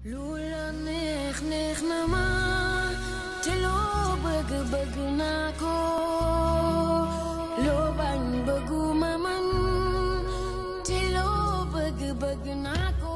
lula neex neex na ma te loo bëgg bëgg naa ko loo bañ bëggu ma man te loo bëgg bëgg naa ko.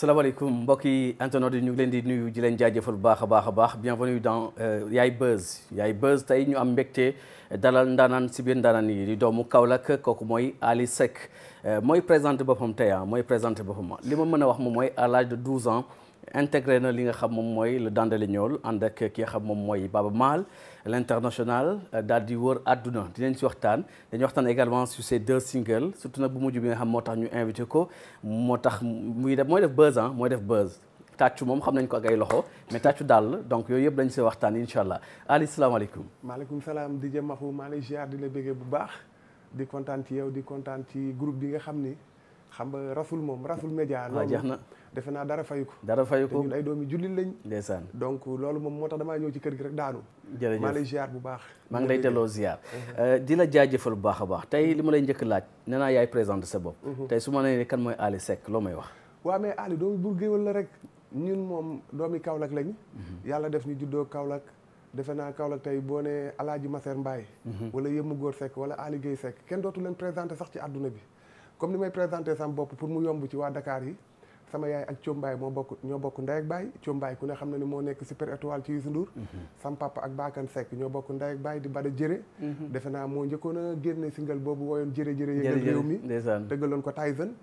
salaamaaleykum mbokki internet yi ñu ngi leen di nuyu di leen jaajëfal bu baax a baax a baax bienvenue dans euh, Yaay Buzz Yaay Buzz tey ñu am mbekte dalal ndaanaan si biir ndaanaan yi doomu Kaolack kooku mooy Ali Seck. Euh, mooy présenté boppam tey ah, mooy présenté boppam li ma mën a wax moom mooy à l'âge de ans intégré na li nga xam moom mooy le Dandale Ñool ànd ak ki nga xam moom mooy Baba Maal l'international euh, daal di wër àdduna dinañ ci waxtaan dañuy waxtaan également sur ces deux singles surtout nag bu mujj bi nga xam moo tax ñu invité ko moo tax muy def mooy def buzz ah mooy def buzz tàccu moom xam nañ ko ak ay loxo mais tàccu daal donc yooyu yëpp dañ see waxtaan incha allah Ali salaamaaleykum. maaleykum salaam di di kontaan ci yow di kontaan ci groupe bi nga xam ni xam nga raful moom raful média ah, loolu jeex na defe naa dara fayu dara fayu ko te ñun ay doomi jullit lañ donc loolu moom moo tax damaa ñëw ci kër gi rek daanu jërëjëf maa lay ziar bu baax maa ngi lay delloo ziar uh-huh. euh, di la jaajëfal bu baax a baax tey li ma lay njëkk laaj nee naa yaay présenté sa bopp uh-huh. tey su ma nee kan mooy Ali Seck loo may wax waaw mais Ali doomi Buur Géwël la rek ñun moom doomi Kaolack lañ uh-huh. yàlla def ñu juddoo Kaolack defe naa Kaolack tey boo nee Alaaji Maseer Mbaay mhm. wala Yemma Góor Seck wala Ali Guèye Seck kenn dootu leen présenté sax ci àdduna bi comme ni may présenté sama bopp pour mu yomb ci waa Dakar yi sama yaay ak Thiom Mbaay moo bokk ñoo bokk ndey ak baay Thiom Mbaay ku ne xam na ni moo nekk super étoile ci Youssou Ndour mhm. sam papa ak Baakan sekk ñoo bokk ndey ak baay di bada jëre mhm. defe naa moo njëkkoon a génne single boobu wooyoon jëre jëre yëngal réew mi dëggaloon ko Tyson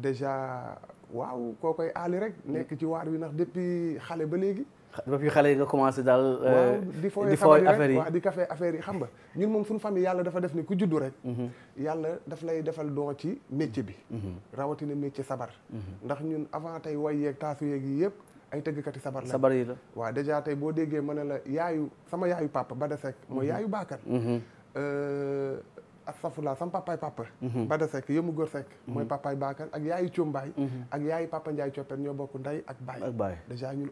déjà waaw koo koy rek nekk ci waar wi ndax depuis xale ba léegi depuis xale yi nga commencé daal. Euh, di fooy affaire yi waaw di café affaire yi xam nga ñun moom suñu famille yàlla dafa def ni ku juddu rek. Mhm. yàlla daf lay defal doo ci métier bi. Mhm. rawatina métier sabar. Mhm. ndax ñun avant tey way yeeg taasu yeeg yi yëpp ay tëggkati sabar la. sabar yi la waa dèjà tey boo déggee ma ne la yaayu sama yaayu papa Bada Seck mooy yaayu Bakar. Euh, astafurlah sama papaay papa. Bada Seck yëmu góor Seck. mooy papaay Bakar ak yaayu Coombaay. ak yaayu papa Ndiaye Coppet ñoo bokk nday ak baay. ak baay dèjà ñun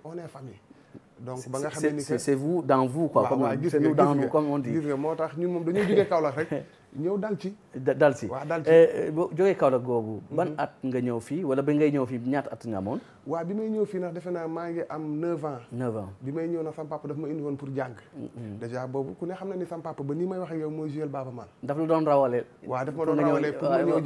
donc ba nga xam ne c'est vous dans vous comme on dit. moo tax ñun moom dañoo jógee Kaolack ñëw dal ci. dal ci waaw dal ci eh, eh, boo jógee Kaolack googu. Mhm. ban at nga ñëw fii wala ba ngay ñëw fii ñaata at nga amoon. waa bi may ñëw fii nax defe naa maa ngi am 9 ans. bi may ñëw nag sama papa daf ma indi pour jàng. dèjà boobu ku ne xam na ni sama papa ba nii may wax yow mooy Juel Baba Man. daf la doon rawale. waaw daf ma doon rawale pour ma ñëw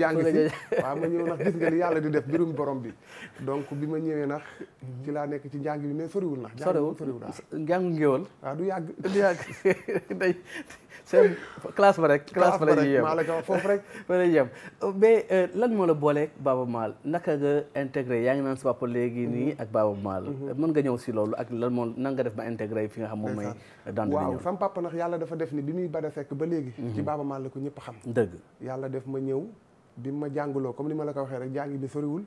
ma ñëw nga ni yàlla di def mbirum borom bi donc bi ma ñëwee nag. Mhm. ci laa nekk ci njàng bi mais soriwul nag. soriwul soriwul waaw njàng ngéwal. waaw du yàgg du yàgg seen classe ba rek. classe ba la ñuy yem foofu rek fa la ñuy yem mais euh, lan moo la booleeg Maal naka nga yaa ngi naan si papa léegi mhm. nii ak Baaba Maal. Mhm. mën nga ñëw si loolu ak lan moo nan nga def ba intégré fi nga xam moom mooy. daan nañu waaw sama papa nag yàlla dafa def ni bi muy bada fekk ba léegi. Mhm. ci Baaba Maal la ko ñëpp xam. dëgg yàlla def ma ñëw bi ma jàngaloo comme ni ma la ko waxee rek jàngi bi soriwul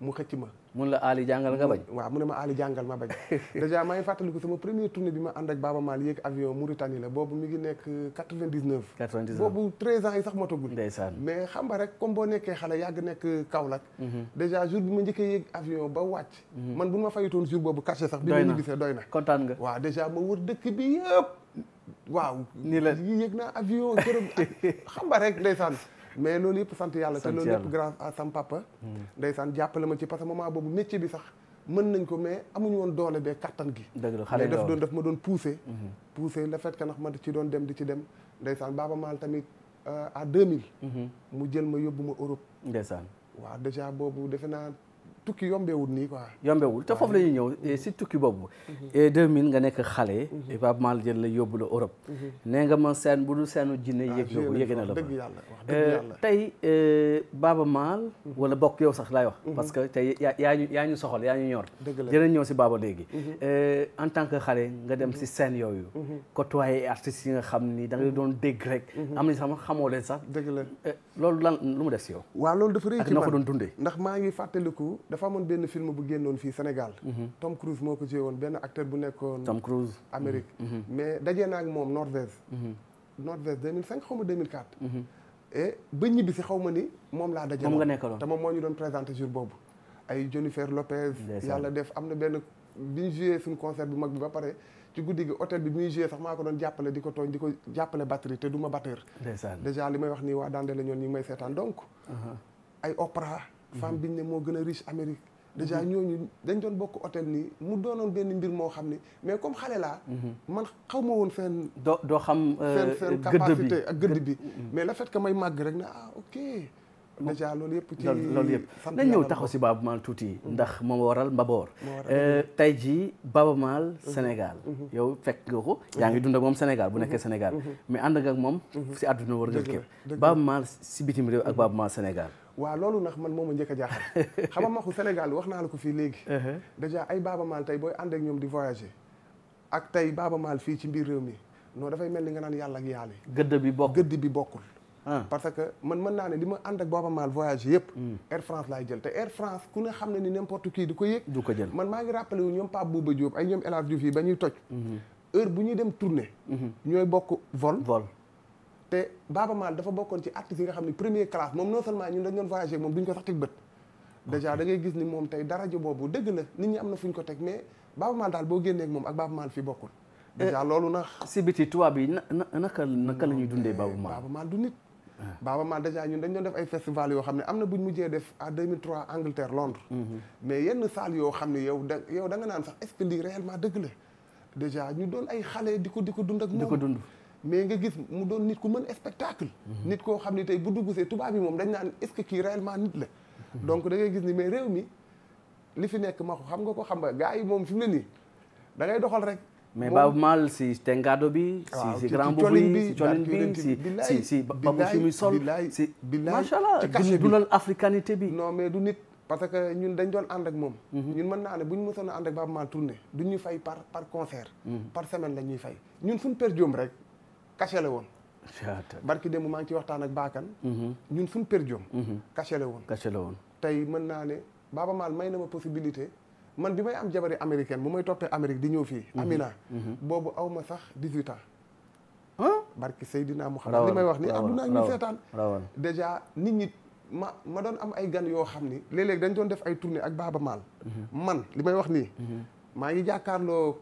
mu xëcc ma. mun la Ali jàngal nga bañ waaw mu ne ma Ali jàngal ma bañ dèjà maa ngi fàttaliku sama première tournée bi ma ànd ak Baaba Maal yéeg avion Mauritanie la boobu mi ngi nekk 99 99 boobu 13 ans yi sax matagul ndeysaan mais xam nga rek comme boo nekkee xale yàgg nekk Kaolack mhm. dèjà jour bi ma njëkkee yéeg avion ba wàcc mhm. man bu ma fayutoon jour boobu cachet sax bi ma ñibbisee doy na kontaan nga waaw dèjà ma wër dëkk bi yëpp waaw nii la yéeg naa avion gërëm xam nga rek ndeysaan mais loolu yëpp sant yàlla te loolu yëpp grâce a sam papa hmm. ndeysaan jàppale ma ci parce que boobu métier bi sax mën nañ ko mais amuñu woon doole bee kattan gi daf doon ma doon poussé hmm. poussé le fait que ma ci doon dem di ci dem ndeysaan Baaba Maal tamit euh, à 2000 hmm. mu jël ma yóbbu ma Europe ndeysaan waaw déjà boobu defe naa tukki yombeewul nii quoi. yombeewul te foofu la ñuy ñëw si tukki boobu. Mhm. et nga nekk xale. Mhm. Pape Mal mhm. ma seen bu dul bokk yow sax laay wax. parce que tey yaa ñu yaa ñu soxal yaa ñu ñor. dinañ ñëw si Baba léegi. Euh, en tant que xale nga dem si seen yooyu. côtoyé artistes yi nga xam ni da nga doon dégg rek. am na sax xamoo leen sax. dëgg la euh, loolu lan lu mu def si yow. waaw loolu ko doon dundee. ndax maa ngi fàttaliku dafa amoon benn film bu génnoon fii Sénégal. Mhm. Tom Cruise moo ko joué woon benn acteur bu nekkoon. Tom Cruise Amérique. Mhm. Mhm. mais dajee naa ak moom Norvège. Norvège 2005 xaw ma 2004. et ba ñibbi si xaw ni moom laa daje. moom nga te moom moo ñu doon présenté jour boobu. ay Jennifer Lopez. yàlla def am na benn bi ñu joué concert bu mag bi ba pare. ci guddi gi hôtel bi muy joué sax maa ko doon jàppale di ko tooñ di ko jàppale batterie te du ma batteur. déjà li may wax nii waa Dande la ñoon ñi ngi may bi biñ ne moo gën a riche Amérique déjà ñooñu dañ doon bokk hôtel nii mu doonoon benn mbir moo xam ni mais comme xale laa mhm. man xaw ma woon fenn doo doo xam euh, fenn fenn capacité ak gëdd bi mhm. mais le fait que may màgg rek na ah ok déjà loolu yëpp ci loolu yëpp nañ ñëw taxaw si Baaba Maal tuuti mhm. ndax moom waral Mbaboor euh, tey jii Baaba Maal Sénégal yow fekk nga ko yaa ngi dund ak moom Sénégal bu nekkee Sénégal mais ànd nga moom si àdduna war nga kër Baaba si bitim réew ak Baaba Maal Sénégal waaw loolu nag man moom a njëkk a jaaxal xam nga maxu Sénégal wax naa la ko fii léegi uh-huh. dèjà ay Baaba Maal tey booy ànd ak ñoom di voyager ak tey Baaba Maal fii ci biir réew mi non dafay mel ni nga naan yàlla ak yàlla gëdd bi bokkul gëdd bi bokkul ah. parce que man mën naa ne li ma ànd ak Baaba Maal voyagé yëpp hmm. Air France laay jël te Air France ku ne xam ne ni n'importe qui di ko yëg du ko jël man maa ngi rappelé ñoom Pape Bouba Diop ay ñoom El Hadj Diouf yi ba ñuy toj mm-hmm. heure bu ñuy dem tournée mm-hmm. ñooy bokk vol vol te Baaba Maal dafa bokkoon ci artistes nga xam ne premier classe moom non seulement ñun dañ doon voyagé moom duñ ko sax teg bët dèjà da ngay gis ni moom tey daraja boobu dëgg la nit ñi am na fuñ ko teg mais Baaba Maal daal boo génneek moom ak Baaba Maal fii bokkul eh, loolu na si biti tubaab bi na naka naka la ñuy dundee Baaba Maal eh, Baaba Maal du nit eh. Baaba Maal dèjà ñun dañ doon def ay festival yoo xam ne am na buñ mujjee def à 2003 Angleterre Londres mm-hmm. mais yenn salle yoo xam ne yow da yow da nga naan sax est ce que lii dëgg la dèjà ñu doon ay xale di ko di ko dund ak moom di ko mais nga gis mu doon nit ku mën spectacle nit koo xam ne tey bu dugg see tubaab yi moom dañ naan est-ce que kii réellement nit la donc da gis ni mais réew mi li fi nekk ma ko xam nga ko xam nga gars yi moom fi mu ne nii da ngay doxal rek mais Baaba Maal si tengado bi si si grand boubou bi si colin bi si si si babu si muy sol si macha allah du dulal africanité bi non mais du nit parce que ñun dañ doon ànd ak moom mhm. ñun mën naa ne bu ñu mësoon a ànd ak Baaba Maal tournée du ñu fay par par concert mhm. par semaine la ñuy fay ñun suñ per joom rek kase la woon. barki démb maa ngi ci waxtaan ak baakan mhm. ñun suñu per jom. kase mhm. woon kase la woon. tey mën naa ne Baaba Maal may na ma possibilité man bi may am jabari américaine bu may toppee Amérique di ñëw fii. Mhm. Amina. boobu aw ma sax dix huit ans. barki Seydina Muhammad li may wax ni addunaa ñu seetaan déjà nit ñi ma ma doon am ay gan yoo xam ni léeg dañ doon def ay tournée ak Baaba Maal li may wax nii maa ngi jàkkaarloo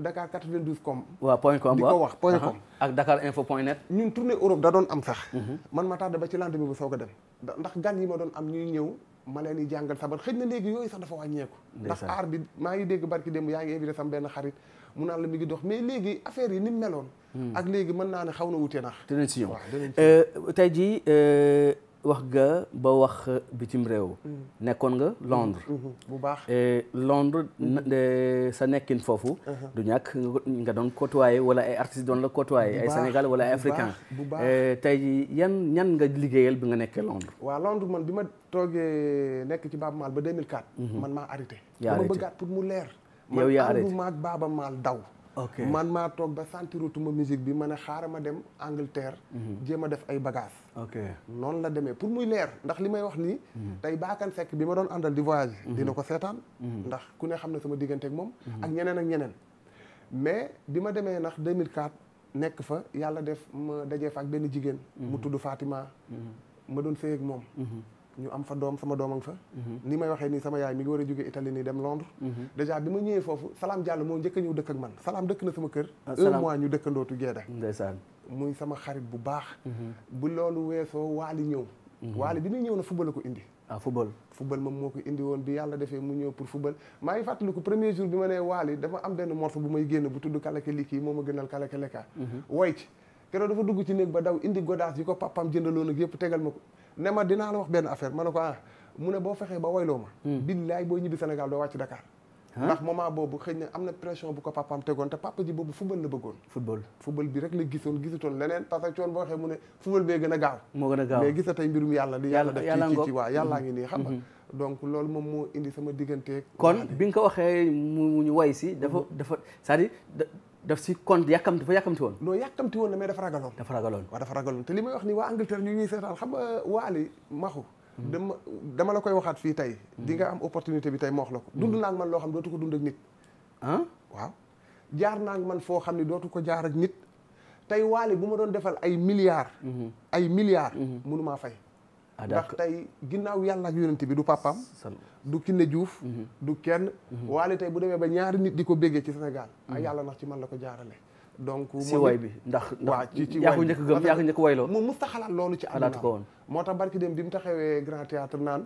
Dakar 92 com. waaw point com di ko wax point com. ak Dakar info point net. ñun tournée Europe da doon am sax. Mhm. man ma tardé ba ci lendemain bi soog a dem. ndax gan yi ma doon am ñuy ñëw ma leen di jàngal sabar xëy na léegi yooyu sax dafa wàññeeku. ndax aar bi maa ngi dégg barki démb yaa ngi invité sam benn xarit mu naan la mi ngi dox mais léegi affaire yi ni meloon. Hmm. ak léegi mën naa ne xaw na wute nax. dinañ si ñëw waaw si ñëw euh, tey jii. Euh, wax nga ba wax bitim réew. Mm-hmm. nekkoon nga Londres. Mm-hmm. Mm-hmm. bu baax eh, Londres eh, sa nekkin foofu. Uh-huh. du ñàkk nga doon côtoyer wala ay artistes doon la côtoyer. ay Sénégal wala ay africain eh, tey yan ñan nga liggéeyal bi nga nekkee Londres. waaw Londres man bi ma toogee nekk ci Baaba Maal ba 2004. man maa arrêté. yaa arrêté dama bëggaat pour mu leer. yow yaa arrêté man ànduma Baaba Maal daw. man maa toog ba sentirutuma musique bi ma ne xaaral ma dem Angleterre. Mhm. jéem a def ay bagages. ok noonu la demee pour muy leer ndax li may wax nii. Mhm. tey baakan sekk bi ma doon àndal di voyage. Mhm. dina ko seetaan. ndax ku ne xam ne sama diggante ak moom. ak ñeneen ak ñeneen. mais bi ma demee ndax 2004 nekk fa yàlla def ma dajee fa ak benn jigéen. mu tudd Fatima. ma doon sëy ak moom. ñu am fa doom sama doom a fa mhm. ni may waxee nii sama yaay mi ngi war a jóge Italie nii dem Londres mhm. déjà bi ma ñëwee foofu Salam Diallo moo njëkk a ñëw dëkk ak man Salam dëkk na sama kër ah, un mois ñu muy sama xarit bu baax mhm. bu loolu weesoo Waali ñëw Waali bi muy ñëw na football ko indi ah football moom moo ko indi woon bi yàlla defee mu ñëw pour football maa ngi fàttaliku premier jour bi ma nee Waali dafa am benn morceau bu may génn bu tudd kalake liki moo ma gënal kalake lekka ba daw indi godaas yi ko papam jëndaloon ak yëpp tegal ma ko ne ma dinaa la wax benn affaire ma ne ko ah mu ne boo fexee ba woyloo ma hmm. billaay boo ñibbi Sénégal doo wàcc Dakar ndax moment boobu xëy na am na pression bu ko papaam tegoon te papa ji boobu football la bëggoon football football bi rek la gisoon gisutoon leneen parce que coon boo waxee mu ne football bee gën a gaaw moo gën a gaaw mais gisa tey mbirum yàlla li yàlla def ci ci waa yàllaa ngi nii xam nga mm-hmm. donc loolu moom moo indi sama digganteeg kon bi nga ko waxee mu ñu way si dafa mm-hmm. dafa cest à daf si compte yàkkamti fa yàkkamti woon loo yàkkamti woon na mais dafa ragaloon dafa ragaloon waaw dafa ragaloon te li may wax ni waa Angleterre ñu ñuy seetaan xam nga waali maxu hmm. dama dama la koy waxaat fii tey dinga am opportunité bi tey ma wax la ko hmm. dund naa man loo xam ne dootu ko dund ak nit ah waaw jaar naa ak man foo xam ne dootu ko jaar ak nit tey waali bu ma doon defal ay milliards hmm. ay milliards mënumaa fay Ah, ndax tey ginnaaw yàlla ak yonent bi du papaam du Kiné Diouf mhm. du kenn mhm. waale tey bu demee ba ñaari nit di ko béggee ci Sénégal ah mhm. yàlla nax ci man la ko jaarale donc si way bi ndax waaw ci ci yaa ko njëkk gëm yaa ko njëkk wayloo moom mës ta xalaat loolu ci àdduna ko moo tax barki dem bi mu taxawee grand théâtre naan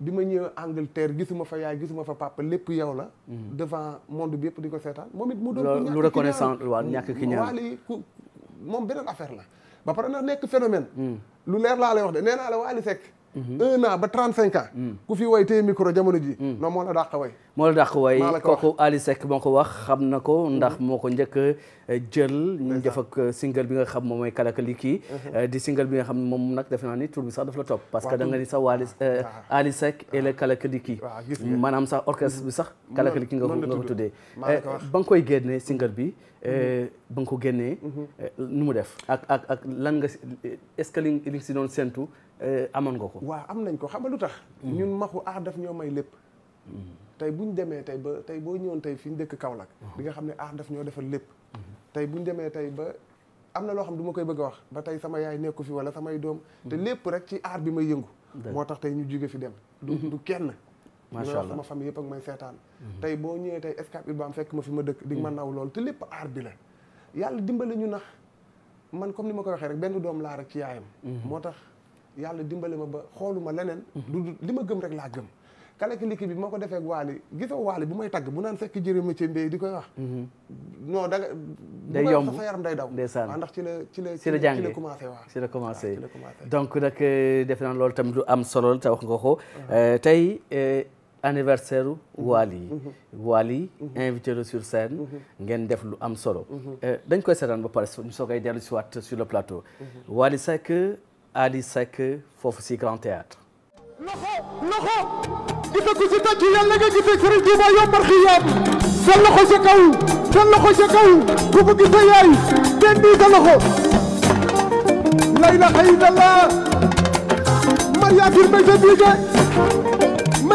bi ma ñëw Angleterre gisuma fa yaay gisuma fa papa lépp yow la devant monde bi yëpp di ko seetaan moom it mu doon lu reconnaissant waaw ñàkk ki ñaan waale moom beneen affaire la ba pare na nekk phénomène. Hmm. lu leer laa la wax de nee naa la Wally Seck. Hmm. un an ba trente cinq ans. Hmm. ku fi way tey micro jamono ji non moo la dàq way moo la dàq way kooku Ali Seck moo ko wax xam na ko ndax moo ko njëkk eh, jël ñu def ak eh, single bi nga xam moom mooy Kalakaliki uh-huh. eh, di single bi nga xam moom nag defe naa ni tur bi sax daf la topp parce que da nga ni sax Wally Ali Seck et le Kalakaliki maanaam sax orchestre bi sax Kalakaliki nga ko nga ko tuddee ba nga koy génne single bi Euh, ba nga ko génnee. Euh, nu mu def ak ak ak lan nga si euh, est-ce que li nga si doon séntu amoon nga ko. waa am nañ ko xam nga lu tax. Hmm. ñun maxu aar def ñoo may lépp. Hmm. tey buñ demee tey ba tey boo ñëwoon tey fi ñu dëkk Kaolack. Hmm. di nga xam ne aar def ñoo defal lépp. tey bu ñu demee tey ba am na loo xam du koy bëgg a wax ba tey sama yaay nekku fi wala samay doom. te lépp rek ci aar bi may yëngu. moo tax tey ñu jóge fi dem. du du kenn. macha allah ma famille yëpp ak may seetaan mhm. boo ñëwee tey Escape Urbam fekk ma fi ma di nga ma mhm. naw lépp aar bi la yàlla dimbale ñu nax man comme ni ma ko waxee rek benn doom laa rek ci yaayam mhm. moo tax yàlla dimbale ma ba xooluma leneen du li ma gëm rek laa gëm kaleki liki bi moo ko defee waali gisoo waali bu may tagg bu naan fekk jërë ma ci mbéy di koy wax non da nga day yomb sa yaram day daw ndeysaan ndax ci la ci la ci la ci la commencé waaw ci la commencé donc nag euh, defe naa loolu tam lu am solo te wax nga ko euh, tey euh, anniversaire u mhm. Wally mhm. Wally mhm. ngeen def lu am solo euh, dañ koy seetaan ba pare ñu soogay dellu si waat sur le plateau Wally Seck Ali Seck foofu si Grand Théâtre loxo loxo di dëgg si tàcc yàlla nga gisee Serigne Touba yombal xiyaam sa loxo sa kaw sa loxo sa kaw ku bëgg sa yaay den di sa biige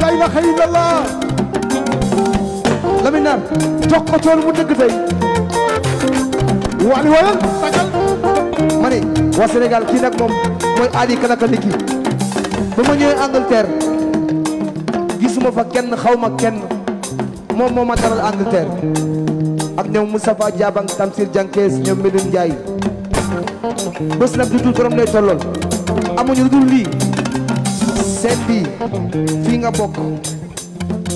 la ilaha illallah Lamine Nar jox mu dëgg tey waali wayal sagal ma ne waa Sénégal kii nag moom mooy aadi kalaka ndiki ba ma ñëwee gisuma fa kenn xawma kenn moom moo ma taral Angleterre ak ñoom Moustapha Diabang Tamsir Diankees ñoom Medoune Ndiaye bés nag du dul borom lay tollool amuñu lu seet bii fii nga bokk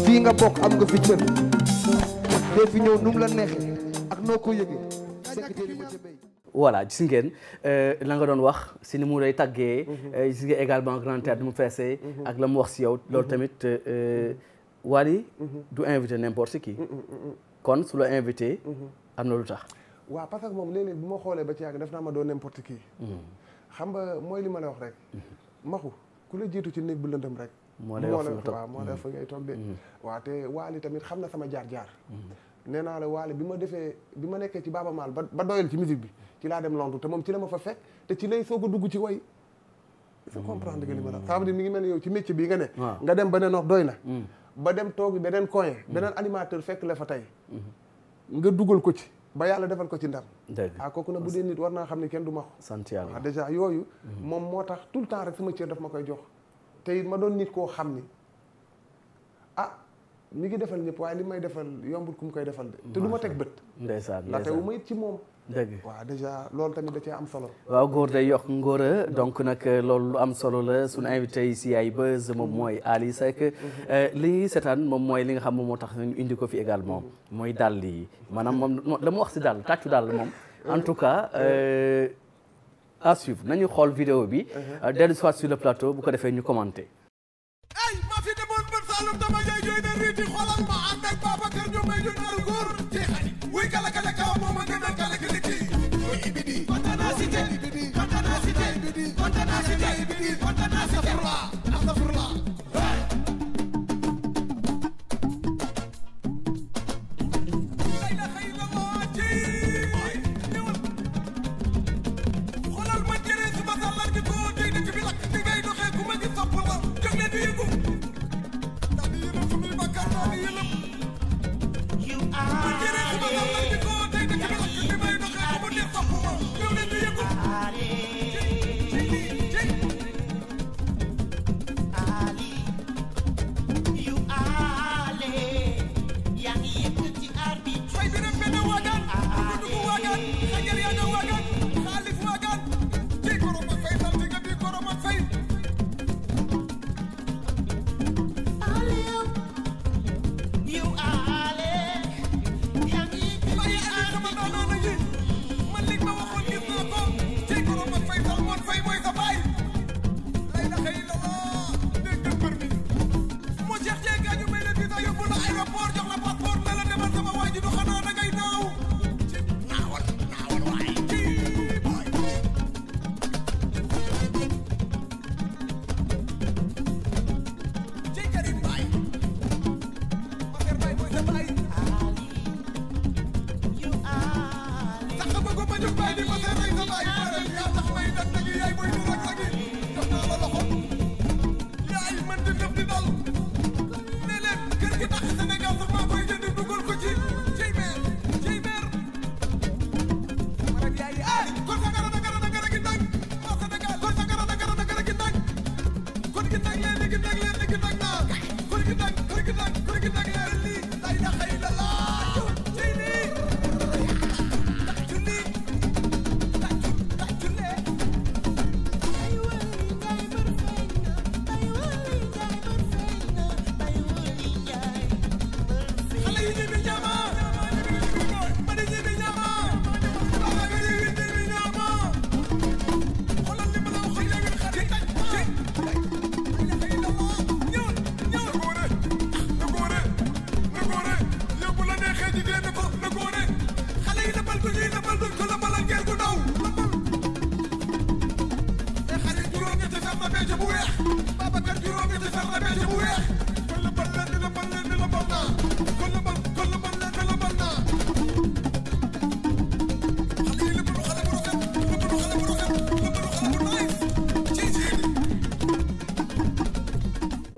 fii nga bokk am nga fi cër dee fi ñëw nu la neexee ak noo ko yëgee secrétaire ma ngeen euh, la nga doon wax si ni mu lay tàggee mhm. euh, gis nga également grand théâtre mu feesee mhm. ak la mu wax si yow loolu mhm. tamit euh, Wally du invité n'importe kii kon su la invité am na lu tax waa parce moom léeg bu ma xoolee ba ci yàgg def naa ma doon n'importe kii xam nga mooy li ma wax rek maxu ku la jiitu ci néeg bu lëndëm rek moo lay wax waaw moo lay fa ngay toog de waaw te waali tamit xam na sama jaar-jaar mm-hmm. nee naa la waale bi ma defee bi ma nekkee ci Baaba Maal ba doyal ci musique bi ci laa dem Londres te moom ci la ma fa fekk te ci lay soog a dugg ci way sa comprendre que li ma la ça veut dire mi ngi mel ne yow ci métier bii nga ne nga dem ba ne nox doy na mm. ba dem toog beneen coin mm. beneen animateur fekk la fa tey mm-hmm. nga dugal ko ci ba yàlla defal ko ci ndam ah kooku na bu dee nit war naa xam ne kenn du ma ko sant ah, dèjà yooyu mm-hmm. moom moo tax tout le temps rek ma cër daf ma koy jox te it ma doon nit koo xam ni ah mi ngi defal ñëpp waaye li may defal yombul ku mu koy defal de te du teg bët ndeysaan ndaxte wu ma it ci moom dëgg waaw dèjà loolu tamit da cee am solo. waaw góor day yokk ngóor donc nag euh, loolu lu am solo la suñu invité yi si ay buzz moom mooy Ali Seck. Mhm. Euh, li ñuy seetaan moom mooy li nga xam mom moo tax ñu indi ko fi également mooy dàll yi maanaam moom la mu wax si dàll tàccu dàll moom mhm. en tout cas. Euh, à suivre nañu xool vidéo bi. Mhm. dellu soit sur le plateau bu ko defee ñu commenté. ay ma fi demoon bët Saalum dama jooy ma ànd ak Babacar ñu may ñu nar góor ci xarit wuy kala kala kaw moom a gën a kala Safra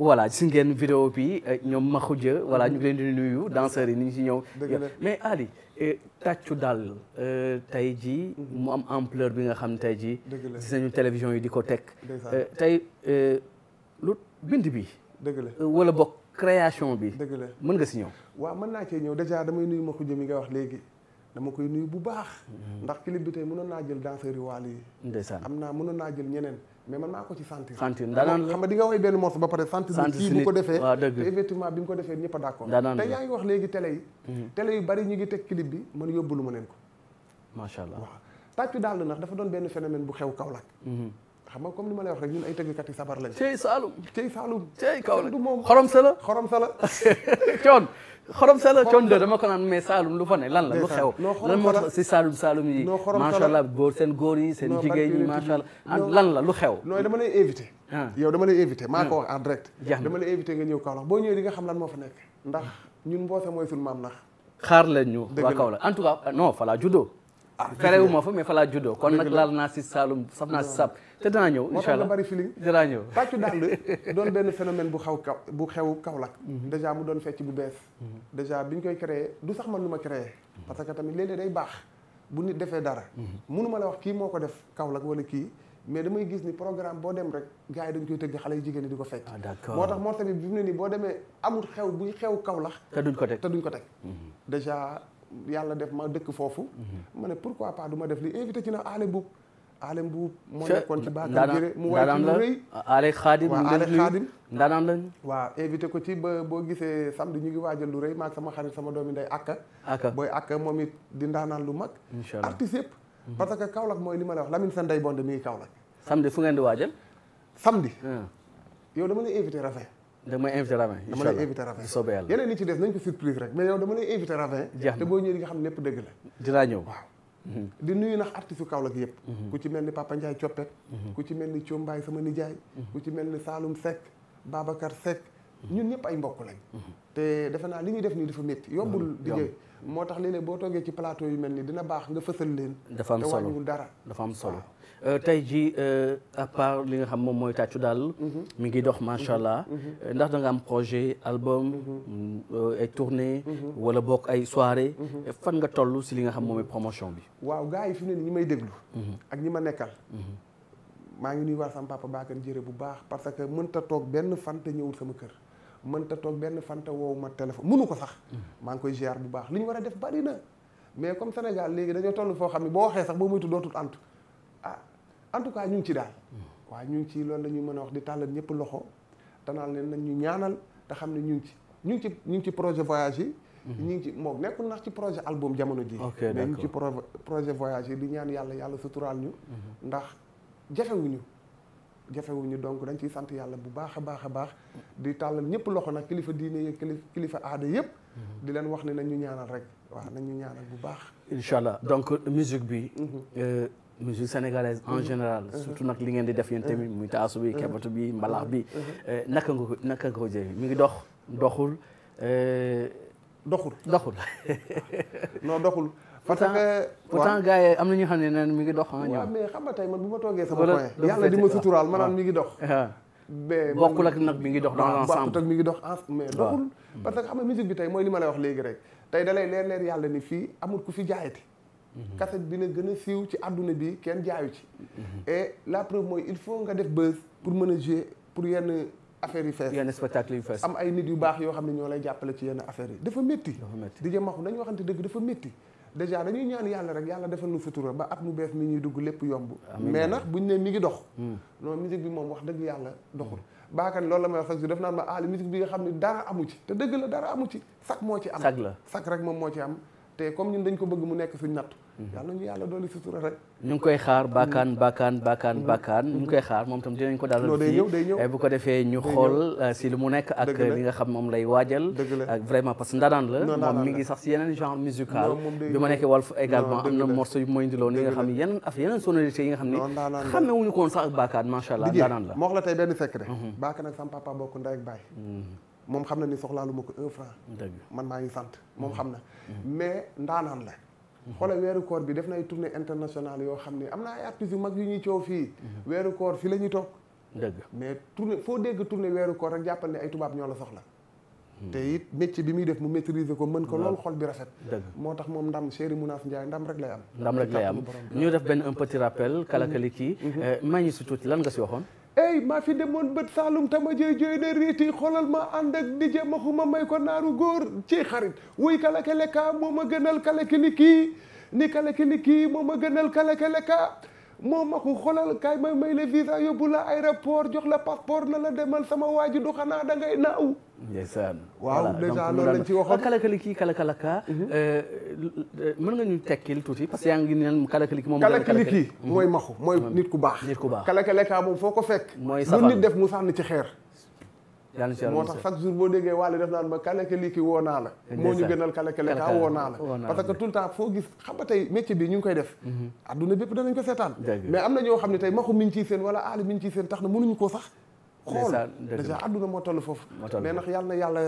voilà si ngeen vidéo bi euh, ñoom Makhoudia voilà ñu ngi leen di nuyu danseurs yi ni ñu si ñëw mais Ali euh, tàccu daal euh, tey jii mu am ampleur bi nga xam tey jii gis nañu télévision yi di ko teg tey lu bind bi dëgg la wala bokk création bi dëgg la mën nga si ñëw waaw mën naa cee ñëw déjà damay nuyu Makhoudia mi nga wax léegi dama koy nuyu bu baax mm-hmm. ndax clip bi tey mënoon naa jël danseurs yi waal yi ndeysaan am naa mënoon naa jël ñeneen mais man maa ko ci sentir. sentir daanaka xam nga di nga woy benn morceau ba pare. sentir ni kii bu ko defee waaw dëgg te bi mu ko defee ñëpp d'accord. te yaa ngi wax léegi télé yi. Mhm. bari ñu ngi teg clip bi man yóbbu lu ma leen ko. macha allah waaw tàccu daal nag dafa doon benn phénomène bu xew Kaolack. Mhm. xam nga comme li ma lay wax rek ñun ay tëggkat yi sabar lañu. cey Saalum cey Saalum. cey Kaolack xorom sa la xorom sa la coon. xorom sala coon de dama ko naan mais Saalum lu fa ne lan la lu xew lan moo tax si Saalum Saalum yi macha allah góor seen góor yi seen jigéen yi macha allah lan la lu xew non dama lay invité ah. yow dama lay invité maa ah. ko wax en direct dama lay invité nga ñëw Kaolack boo ñëwee di nga xam lan moo fa nekk ndax ñun mboose mooy suñu maam na xaar leen ñu waa Kaolack en tout cas non fala Ah, ferewu ma fa mais fa laa juddoo kon nag laal naa si Saalum saf naa si sab te danaa ñëw incha allah bari feeling danaa ñëw tàccu dàll doon benn phénomène bu xaw kaw mhm. doon fecc bu bees mhm. dèjà bi ñu koy créé du sax man lu ma créé mhm. parce que tamit léeg day baax bu nit defee dara mënuma la wax kii moo ko def Kaolack wala kii mais damay gis ni programme boo dem rek gars yi dañ koy tëgg xale yi jigéen ñi di ko fecc ah, moo tax moo bi bi mu ne nii boo demee amul xew buy xew Kaolack te duñ ko teg te duñ ko teg yàlla def ma dëkk foofu. Mhm. ma ne pourquoi pas du ma def lii invité ci nag Alé Mboup. Alé Mboup moo nekkoon ci Bakar Jëre mu way ci lu rëy Alé Xaadim waaw Alé Xaadim ndaanaan lañ ko ci ba boo gisee samedi ñu ngi waajal lu rëy maag sama xarit sama doomi ndey Akka Akka booy Akka moom it di lu mag inchallah artiste yëpp mhm. parce que Kaolack mooy li ma la wax Lamine sa ndey bonde mii kaw Kaolack samedi fu ngeen di waajal samedi ah. yow dama lay invité rafet dama invité ravin dama lay invité ravin ci des nañ ko surprise rek mais yow dama lay invité ravin te boo ñëwee di nga xam ne lépp dëgg la dinaa ñëw mhm. di nuyu nax artiste Kaolack yëpp mhm. ku ci mel ni Papa Ndiaye Coppet mhm. ku ci mel ni Thiombaye sama nijaay ku ci mel ni saalum Seck Babacar Seck ñun ñëpp ay mbokk lañ. Mhm. te defe naa li ñuy def nii dafa métti mhm. yombul liggéey moo tax léeg boo toogee ci plateau yu mel nii dina baax nga fësal leen. dafa am solo te wàññiwul dara dafa am solo. Euh, tey jii euh, à part li nga xam moom mooy tàccu daal. Mhm. mi ngi dox macha allah. Euh, ndax da nga am projet album. ay tournée. wala bokk ay soirée. fan nga tollu si li nga xam moom mooy promotion bi. waaw gars yi fi mu ne nii ñi may déglu. ak ñi ma nekkal. maa ngi nuyu war sama papa Bakar Jëre bu baax parce que mënta toog benn fan ñëwul sama kër. mënta toog benn fanta woowu ma téléphone mënu ko sax maa ngi koy ziar bu baax li ñu war a def bari na mais comme Sénégal léegi dañoo toll foo xam ne boo waxee sax boo muytu dootul antu ah en tout cas ñu ngi ci daal waaw ñu ngi ci loolu la mën a wax di tàllal ñëpp loxo tanaan leen nañ ñu ñaanal te xam ne ñu ngi ci ñu ngi ci ñu ngi ci projet voyage yi mhm. ñu ngi ci moog nekkul nax ci projet album jamono ji mais ñu ngi ci projet voyage yi di ñaan yàlla yàlla suturaal ñu mhm. ndax jafewuñu jafewuñu donc dañ ciy sant yàlla bu baax a baax a baax di tàllal ñëpp loxo nag kilifa diine yi kilifa aada yëpp mhm. di leen wax ne nañu ñaanal rek waaw nañu ñaanal bu baax incha allah donc musique bi mhm. euh, musique sénégalaise en mhm. général surtout nag li ngeen di def yéen tamit muy taasu bi kebatu bi mbalaax bi euh, naka nga ko naka nga ko jëlee mi ngi dox doxul euh, doxul doxul doxul parce que pourtant gars yi am na ñu xam ne naan mi ngi dox. Ah, waaw mais xam nga tey man bu ma toogee sama coin. yàlla di ma suturaal ma naan mi ngi dox. Ah. mais bokkul ak nag mi ngi dox. dans l'ensemble bokkul ak mi ngi dox mais doxul. Hmm. parce que xam nga musique bi tey mooy li ma lay wax léegi rek tey da lay leer leer yàlla ni fii amul ku fi jaayati. kaset hmm. bi na gën a siiw ci àdduna bi kenn jaayu ci. Hmm. et la preuve mooy il faut nga def buzz pour mën a jouer pour yenn affaires yu fees. yenn spectacle yu fees. am ay nit yu baax yoo xam ne ñoo lay jàppale ci yenn affaires yi dafa métti. dafa métti di jëm nañu waxante dëgg dafa métti. déjà dañuy ñaan yàlla rek yàlla defal nu sutura ba at mu bees mi ñuy dugg lépp yomb mais nag buñ ne mi ngi dox hmm. non musique bi moom wax dëgg yàlla doxul baakan loolu la may wax sax si def naan ma aali ah, musique bi nga xam ne dara amu ci te dëgg la dara amu ci sax moo ci am sax rek moom moo ci am te comme ñun dañ ko bëgg mu nekk suñ natt Mhm. yàlla ñu yàlla dooli sutura rek ñu ngi koy xaar baakaan baakaan baakaan mhm. baakaan ñu ngi koy xaar moom tam dinañ ko dalal fii eh, bu ko defee ñu xool euh, si lu mu nekk ak li xam moom lay waajal ak vraiment parce que ndaanaan la moom mi ngi sax si yeneen genre musical bi ma nekkee Walf également am na morceau yu ma indiloon yi nga xam yeneen affaire yi nga xam ne xamewuñu ko sax ak baakaan macha allah ndaanaan la xoolal weeru koor bi def na ay tournée internationale yoo xam ne am na ay artistes yu mag yu ñuy coow fii. Mhm. weeru koor fii la ñuy toog. dëgg mais tournée foo dégg tournée weeru koor rek jàppal ay tubaab ñoo la soxla. Hmm. te it métier bi muy def mu maîtriser ko mën ko lool xol bi rafet. moo tax moom ndam chéri Mounass Ndiaye ndam rek lay am. ndam rek lay am ñu def benn un petit rappel. kalakali kii. maa ngi su tuuti lan nga si waxoon. ey maa fi demoon bët saalum tama jooy jooy de riiti xoolal ma ànd ak di ma maxuma may ko naaru góor ci xarit wuy kalakele ka mooma gënal kalakili kii ni kalakili kii mooma gënal kalakele ka moom ma ko xoolal kaay may may la visa yóbbu la aéroport jox la passeport na la demal sama waa ji du xanaa da ngay naaw. ndeysaan. waaw dèjà loolu lañ ci waxoon kala kala kii kala kala kaa. Mhm. Euh, mën nga ñu tekkil tuuti parce que yaa ngi neen kala kala kii moom. kala kala kii mooy maxu mooy nit ku baax. nit ku baax kala kala kaa moom foo ko fekk. mooy safar lu nit def mu sànni ci xeer. yàlla ci moo tax chaque jour boo déggee wàllu def naan ma kaleke lii ki woo la moo ñu gënal kaleke le kaa la parce que temps foo gis xam nga bi ñu ngi koy def mhm. adduna bépp danañ ko seetaan mais am na ñoo xam ne tey maxu min ciy seen wala aali min ciy seen tax na mënuñu koo sax xool déjà adduna moo toll foofu mais ndax yàlla yàlla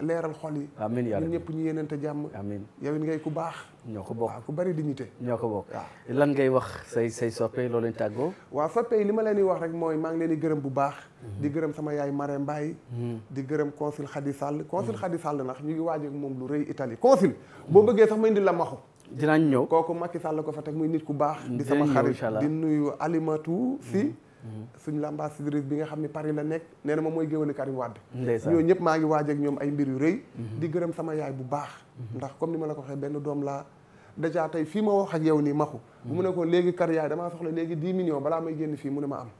leeral xol yi. amiin yàlla ñun ñëpp ñu yéeneente jàmm. amiin yow it ngay ku baax. ñoo ko bokk ku bari di dignité. ñoo ko bokk lan ngay wax say say soppe loolu lañ tàggoo. waa soppe yi li ma leen di wax rek mooy maa ngi leen di gërëm bu baax. Mhm. di gërëm sama yaay Marème Mbaye. Mhm. di gërëm consul Khady sàll mhm. consul Khady sàll ndax ñu ngi waaj moom lu rëy Italie consul boo bëggee sax ma indi la maxu. dinañ ñëw kooku Macky Sall ko fa teg muy nit ku baax. di sama xarit di nuyu Alimatou si Mm-hmm. suñ lamba sidris bi nga xam ne Paris la nekk nee na moom mooy géwëlu Karim Wade ñoo ñëpp maa ngi waaj ak ñoom ay mbir yu rëy mm-hmm. di gërëm sama yaay bu baax mm-hmm. ndax comme ni ma la ko waxee benn doom la dèjà tey fii ma wax ak yow nii maxu bu mu ne léegi kar yaay damaa soxla léegi di millions balaa may génn fii mu ne ma am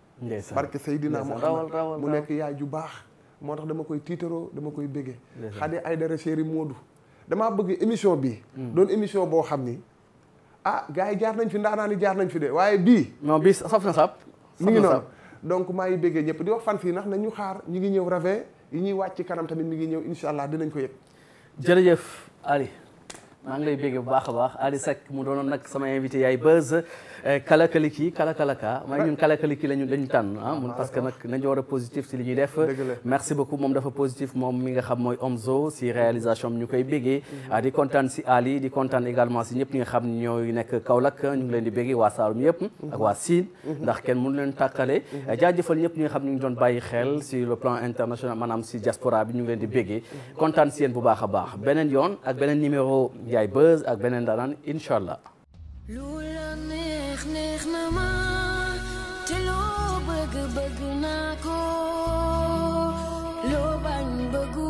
barke Seydina Muhammad mu nekk yaay ju baax moo tax dama koy tiitaroo dama koy béggee Xadi Aydara chéri Moodu damaa bëgg émission bii mm. doon émission boo xam ni ah gars yi jaar nañ fi ndaanaa ni jaar nañ fi de waaye bii non bii saf na sap mi ngi noonu donc maa ngi béggee ñëpp di wax fan fii nax nañu xaar ñu ngi ñëw Ravin yi ñuy wàcc kanam tamit mi ngi ñëw incha allah dinañ ko yëg jërëjëf Ali maa ngi lay bégge bu baax a baax Ali Seck mu doonoon nag sama invité yaay buzz eh, kalakaliki kalakalaka maa ngi ñun kalakaliki lañu lañu tànn ah mun parce que nag nañu war positif si li ñuy def merci beaucoup moom dafa positif moom mi nga xam mooy Omzo si réalisation bi ñu koy béggee ah, di kontaan si Ali di kontaan également si ñëpp ñi nga xam ñooy nekk Kaolack ñu ngi leen di béggee waa Saalum yëpp ak waa Siin ndax kenn mënu leen tàkkale jaajëfal ñëpp ñi nga xam ñu ngi doon bàyyi xel si le plan international maanaam si diaspora di béggee kontaan si yéen bu Ndiaye Buzz ak beneen daanaan incha allah. lu la neex neex na ma te loo bëgg bëgg naa ko loo bañ bëgg